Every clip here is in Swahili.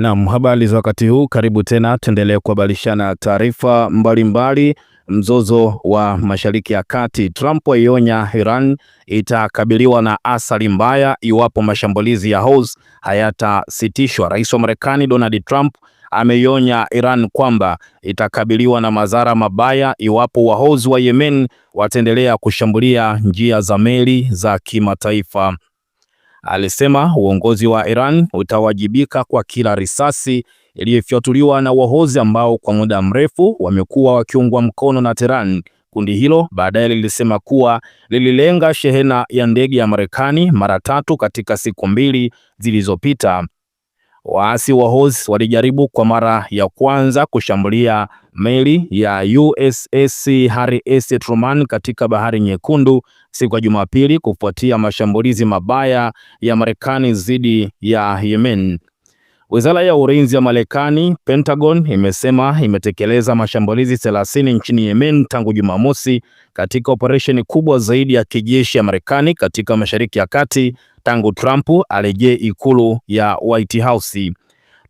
Naam, habari za wakati huu, karibu tena, tuendelee kuhabarishana taarifa mbalimbali. Mzozo wa Mashariki ya Kati, Trump aionya Iran itakabiliwa na athari mbaya iwapo mashambulizi ya Houthi hayatasitishwa. Rais wa Marekani Donald Trump ameionya Iran kwamba itakabiliwa na madhara mabaya iwapo Wahouthi wa Yemen wataendelea kushambulia njia za meli za kimataifa Alisema uongozi wa Iran utawajibika kwa kila risasi iliyofyatuliwa na wahozi ambao kwa muda mrefu wamekuwa wakiungwa mkono na Tehran. Kundi hilo baadaye lilisema kuwa lililenga shehena ya ndege ya Marekani mara tatu katika siku mbili zilizopita. Waasi wa walijaribu kwa mara ya kwanza kushambulia meli ya USS Harry S. Truman katika Bahari Nyekundu siku ya Jumapili kufuatia mashambulizi mabaya ya Marekani dhidi ya Yemen. Wizara ya Ulinzi ya Marekani, Pentagon, imesema imetekeleza mashambulizi 30 nchini Yemen tangu Jumamosi katika operesheni kubwa zaidi ya kijeshi ya Marekani katika Mashariki ya Kati tangu Trump arejee ikulu ya White House.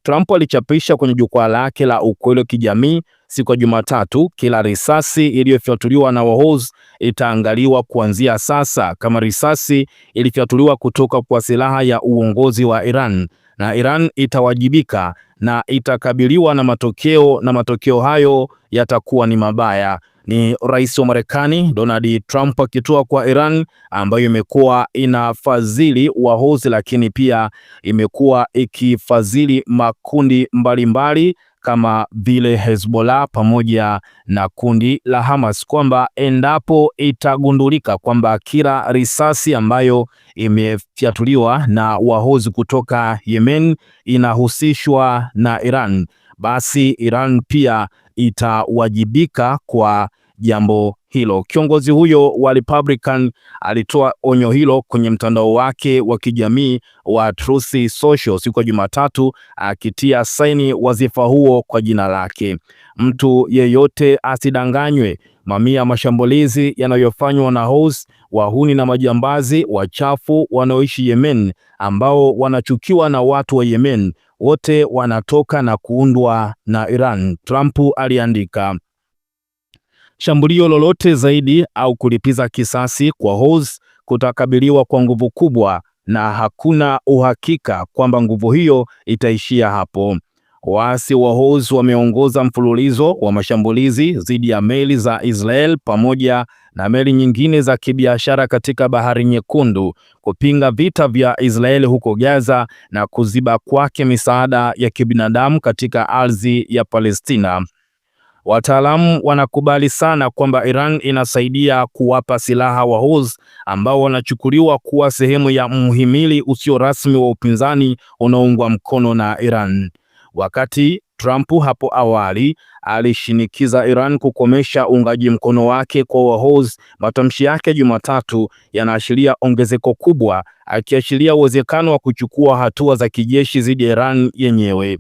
Trump alichapisha kwenye jukwaa lake la ukweli wa kijamii siku ya Jumatatu, kila risasi iliyofyatuliwa na Wahouz itaangaliwa kuanzia sasa kama risasi ilifyatuliwa kutoka kwa silaha ya uongozi wa Iran na Iran itawajibika na itakabiliwa na matokeo na matokeo hayo yatakuwa ni mabaya. Ni rais wa Marekani Donald Trump akitoa kwa Iran ambayo imekuwa inafadhili Wahozi, lakini pia imekuwa ikifadhili makundi mbalimbali mbali kama vile Hezbollah pamoja na kundi la Hamas kwamba endapo itagundulika kwamba kila risasi ambayo imefyatuliwa na wahozi kutoka Yemen inahusishwa na Iran, basi Iran pia itawajibika kwa jambo hilo. Kiongozi huyo wa Republican alitoa onyo hilo kwenye mtandao wake wa kijamii wa Truth Social siku ya Jumatatu, akitia saini wazifa huo kwa jina lake. Mtu yeyote asidanganywe. Mamia ya mashambulizi yanayofanywa na Houthi, wahuni na majambazi wachafu wanaoishi Yemen, ambao wanachukiwa na watu wa Yemen, wote wanatoka na kuundwa na Iran, Trump aliandika. Shambulio lolote zaidi au kulipiza kisasi kwa Hoes kutakabiliwa kwa nguvu kubwa na hakuna uhakika kwamba nguvu hiyo itaishia hapo. Waasi wa Hoes wameongoza mfululizo wa mashambulizi dhidi ya meli za Israel pamoja na meli nyingine za kibiashara katika Bahari Nyekundu kupinga vita vya Israel huko Gaza na kuziba kwake misaada ya kibinadamu katika ardhi ya Palestina. Wataalamu wanakubali sana kwamba Iran inasaidia kuwapa silaha Wahouthi ambao wanachukuliwa kuwa sehemu ya mhimili usio rasmi wa upinzani unaoungwa mkono na Iran. Wakati Trump hapo awali alishinikiza Iran kukomesha uungaji mkono wake kwa Wahouthi, matamshi yake Jumatatu yanaashiria ongezeko kubwa, akiashiria uwezekano wa kuchukua hatua za kijeshi dhidi ya Iran yenyewe.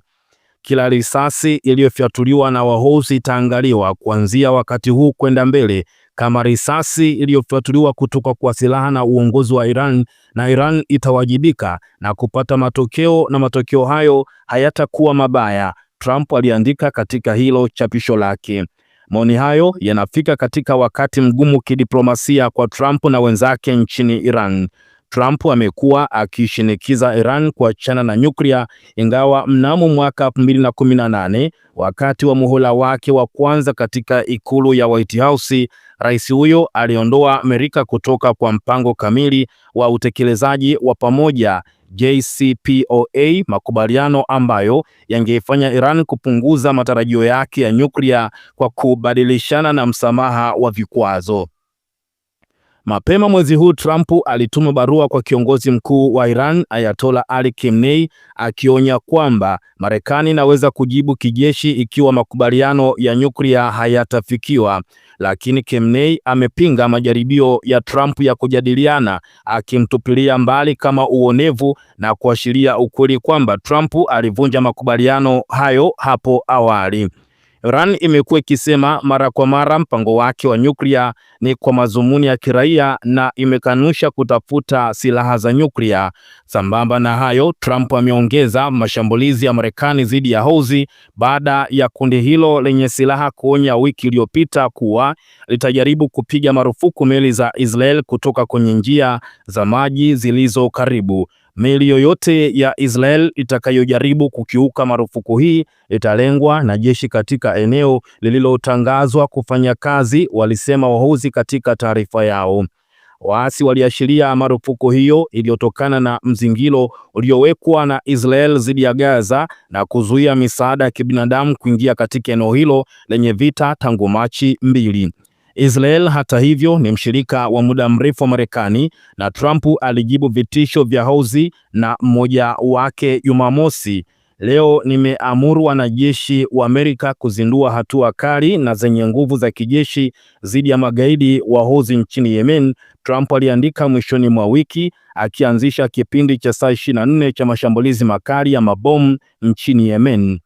Kila risasi iliyofyatuliwa na Wahosi itaangaliwa kuanzia wakati huu kwenda mbele kama risasi iliyofyatuliwa kutoka kwa silaha na uongozi wa Iran, na Iran itawajibika na kupata matokeo, na matokeo hayo hayatakuwa mabaya. Trump aliandika katika hilo chapisho lake. Maoni hayo yanafika katika wakati mgumu kidiplomasia kwa Trump na wenzake nchini Iran. Trump amekuwa akishinikiza Iran kuachana na nyuklia, ingawa mnamo mwaka 2018 wakati wa muhula wake wa kwanza katika ikulu ya White House, rais huyo aliondoa Amerika kutoka kwa mpango kamili wa utekelezaji wa pamoja JCPOA, makubaliano ambayo yangeifanya Iran kupunguza matarajio yake ya nyuklia kwa kubadilishana na msamaha wa vikwazo. Mapema mwezi huu Trump alituma barua kwa kiongozi mkuu wa Iran Ayatollah Ali Khamenei akionya kwamba Marekani inaweza kujibu kijeshi ikiwa makubaliano ya nyuklia hayatafikiwa, lakini Khamenei amepinga majaribio ya Trump ya kujadiliana, akimtupilia mbali kama uonevu na kuashiria ukweli kwamba Trump alivunja makubaliano hayo hapo awali. Iran imekuwa ikisema mara kwa mara mpango wake wa nyuklia ni kwa madhumuni ya kiraia na imekanusha kutafuta silaha za nyuklia. Sambamba na hayo, Trump ameongeza mashambulizi ya Marekani dhidi ya Houthi baada ya kundi hilo lenye silaha kuonya wiki iliyopita kuwa litajaribu kupiga marufuku meli za Israel kutoka kwenye njia za maji zilizo karibu. Meli yoyote ya Israel itakayojaribu kukiuka marufuku hii italengwa na jeshi katika eneo lililotangazwa kufanya kazi, walisema wahuzi katika taarifa yao. Waasi waliashiria marufuku hiyo iliyotokana na mzingiro uliowekwa na Israel dhidi ya Gaza na kuzuia misaada ya kibinadamu kuingia katika eneo hilo lenye vita tangu Machi mbili. Israel hata hivyo ni mshirika wa muda mrefu wa Marekani na Trump alijibu vitisho vya Houthi na mmoja wake Jumamosi. Leo nimeamuru wanajeshi wa Amerika kuzindua hatua kali na zenye nguvu za kijeshi dhidi ya magaidi wa Houthi nchini Yemen, Trump aliandika mwishoni mwa wiki, akianzisha kipindi cha saa 24 cha mashambulizi makali ya mabomu nchini Yemen.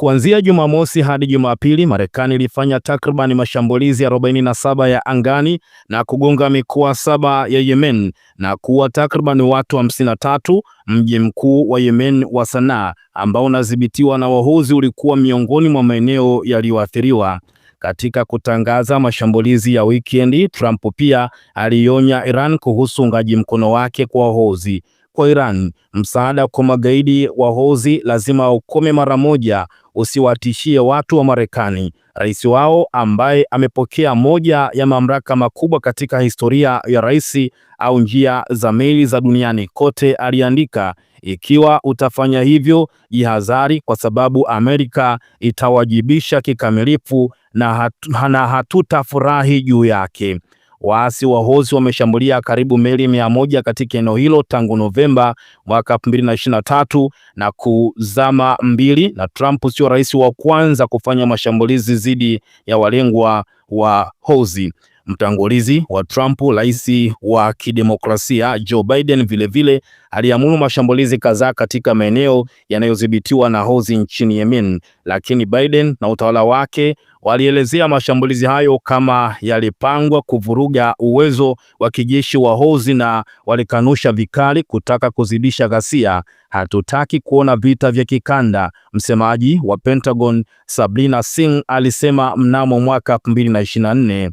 Kuanzia Jumamosi hadi Jumapili, Marekani ilifanya takriban mashambulizi 47 ya angani na kugonga mikoa saba ya Yemen na kuua takriban watu 53. Mji mkuu wa Yemen wa Sanaa, ambao unadhibitiwa na wahozi ulikuwa miongoni mwa maeneo yaliyoathiriwa. Katika kutangaza mashambulizi ya wikendi, Trump pia alionya Iran kuhusu ungaji mkono wake kwa wahozi kwa Iran. Msaada kwa magaidi wa Houthi lazima ukome mara moja, usiwatishie watu wa Marekani. Rais wao ambaye amepokea moja ya mamlaka makubwa katika historia ya rais au njia za meli za duniani kote aliandika, ikiwa utafanya hivyo jihadhari, kwa sababu Amerika itawajibisha kikamilifu na, hatu, na hatutafurahi juu yake. Waasi wa Houthi wameshambulia karibu meli mia moja katika eneo hilo tangu Novemba mwaka 2023 na kuzama mbili, na Trump sio rais wa kwanza kufanya mashambulizi dhidi ya walengwa wa Houthi. Mtangulizi wa Trump, rais wa kidemokrasia Joe Biden, vilevile aliamuru mashambulizi kadhaa katika maeneo yanayodhibitiwa na Houthi nchini Yemen, lakini Biden na utawala wake walielezea mashambulizi hayo kama yalipangwa kuvuruga uwezo wa kijeshi wa Houthi na walikanusha vikali kutaka kuzidisha ghasia. Hatutaki kuona vita vya kikanda, msemaji wa Pentagon Sabrina Singh alisema mnamo mwaka 2024.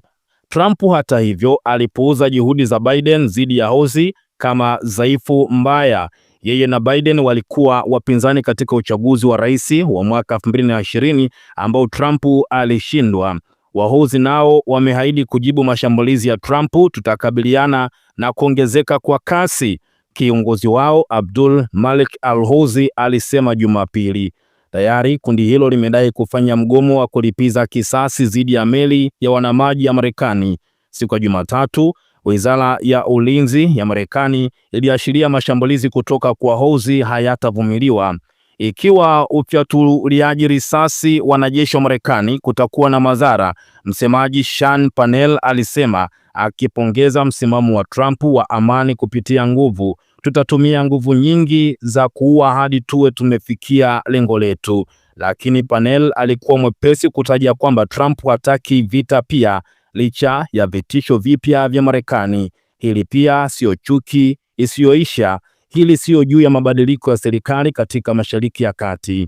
Trump hata hivyo alipuuza juhudi za Biden dhidi ya Hosi kama dhaifu mbaya. Yeye na Biden walikuwa wapinzani katika uchaguzi wa rais wa mwaka 2020 ambao Trump alishindwa. Wahozi nao wameahidi kujibu mashambulizi ya Trump, tutakabiliana na kuongezeka kwa kasi, kiongozi wao Abdul Malik al hozi alisema Jumapili. Tayari kundi hilo limedai kufanya mgomo wa kulipiza kisasi dhidi ya meli ya wanamaji ya Marekani. Siku ya Jumatatu, Wizara ya Ulinzi ya Marekani iliashiria mashambulizi kutoka kwa Houthi hayatavumiliwa. Ikiwa ufyatuliaji risasi wanajeshi wa Marekani kutakuwa na madhara, msemaji Sean Panel alisema, akipongeza msimamo wa Trump wa amani kupitia nguvu tutatumia nguvu nyingi za kuua hadi tuwe tumefikia lengo letu. Lakini Panel alikuwa mwepesi kutaja kwamba Trump hataki vita pia, licha ya vitisho vipya vya Marekani. Hili pia siyo chuki isiyoisha, hili siyo juu ya mabadiliko ya serikali katika Mashariki ya Kati.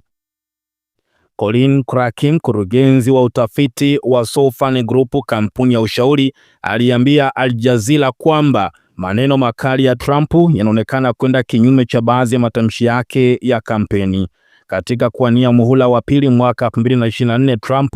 Colin Krakin, mkurugenzi wa utafiti wa Southern Group, kampuni ya ushauri, aliambia Al Jazeera kwamba Maneno makali ya Trump yanaonekana kwenda kinyume cha baadhi ya matamshi yake ya kampeni. Katika kuwania muhula wa pili mwaka 2024, Trump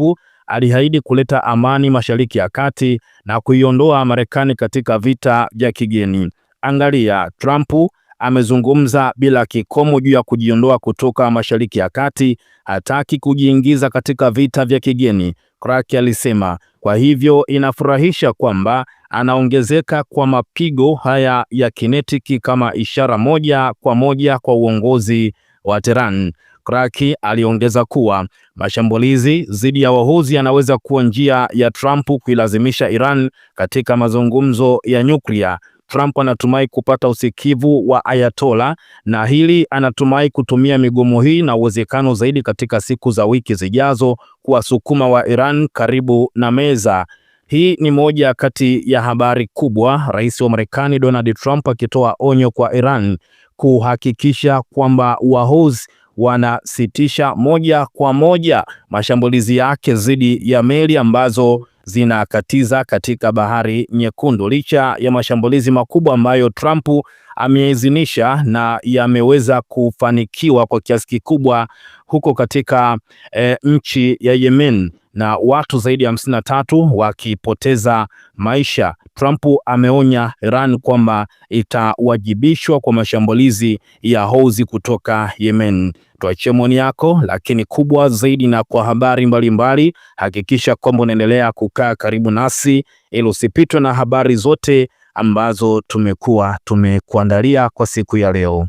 aliahidi kuleta amani Mashariki ya Kati na kuiondoa Marekani katika vita vya kigeni. Angalia, Trump amezungumza bila kikomo juu ya kujiondoa kutoka Mashariki ya Kati, hataki kujiingiza katika vita vya kigeni, Kraki alisema. Kwa hivyo inafurahisha kwamba anaongezeka kwa mapigo haya ya kinetiki kama ishara moja kwa moja kwa uongozi wa Tehran. Kraki aliongeza kuwa mashambulizi dhidi ya Wahuzi yanaweza kuwa njia ya Trump kuilazimisha Iran katika mazungumzo ya nyuklia. Trump anatumai kupata usikivu wa Ayatola na hili anatumai kutumia migomo hii na uwezekano zaidi katika siku za wiki zijazo kuwasukuma wa Iran karibu na meza hii ni moja kati ya habari kubwa, rais wa Marekani Donald Trump akitoa onyo kwa Iran kuhakikisha kwamba Wahouthi wanasitisha moja kwa moja mashambulizi yake dhidi ya meli ambazo zinakatiza katika Bahari Nyekundu, licha ya mashambulizi makubwa ambayo Trump ameidhinisha na yameweza kufanikiwa kwa kiasi kikubwa huko katika e, nchi ya Yemen na watu zaidi ya hamsini na tatu wakipoteza maisha. Trump ameonya Iran kwamba itawajibishwa kwa mashambulizi ya Houthi kutoka Yemen. Tuachie maoni yako, lakini kubwa zaidi na kwa habari mbalimbali mbali, hakikisha kwamba unaendelea kukaa karibu nasi ili usipitwe na habari zote ambazo tumekuwa tumekuandalia kwa siku ya leo.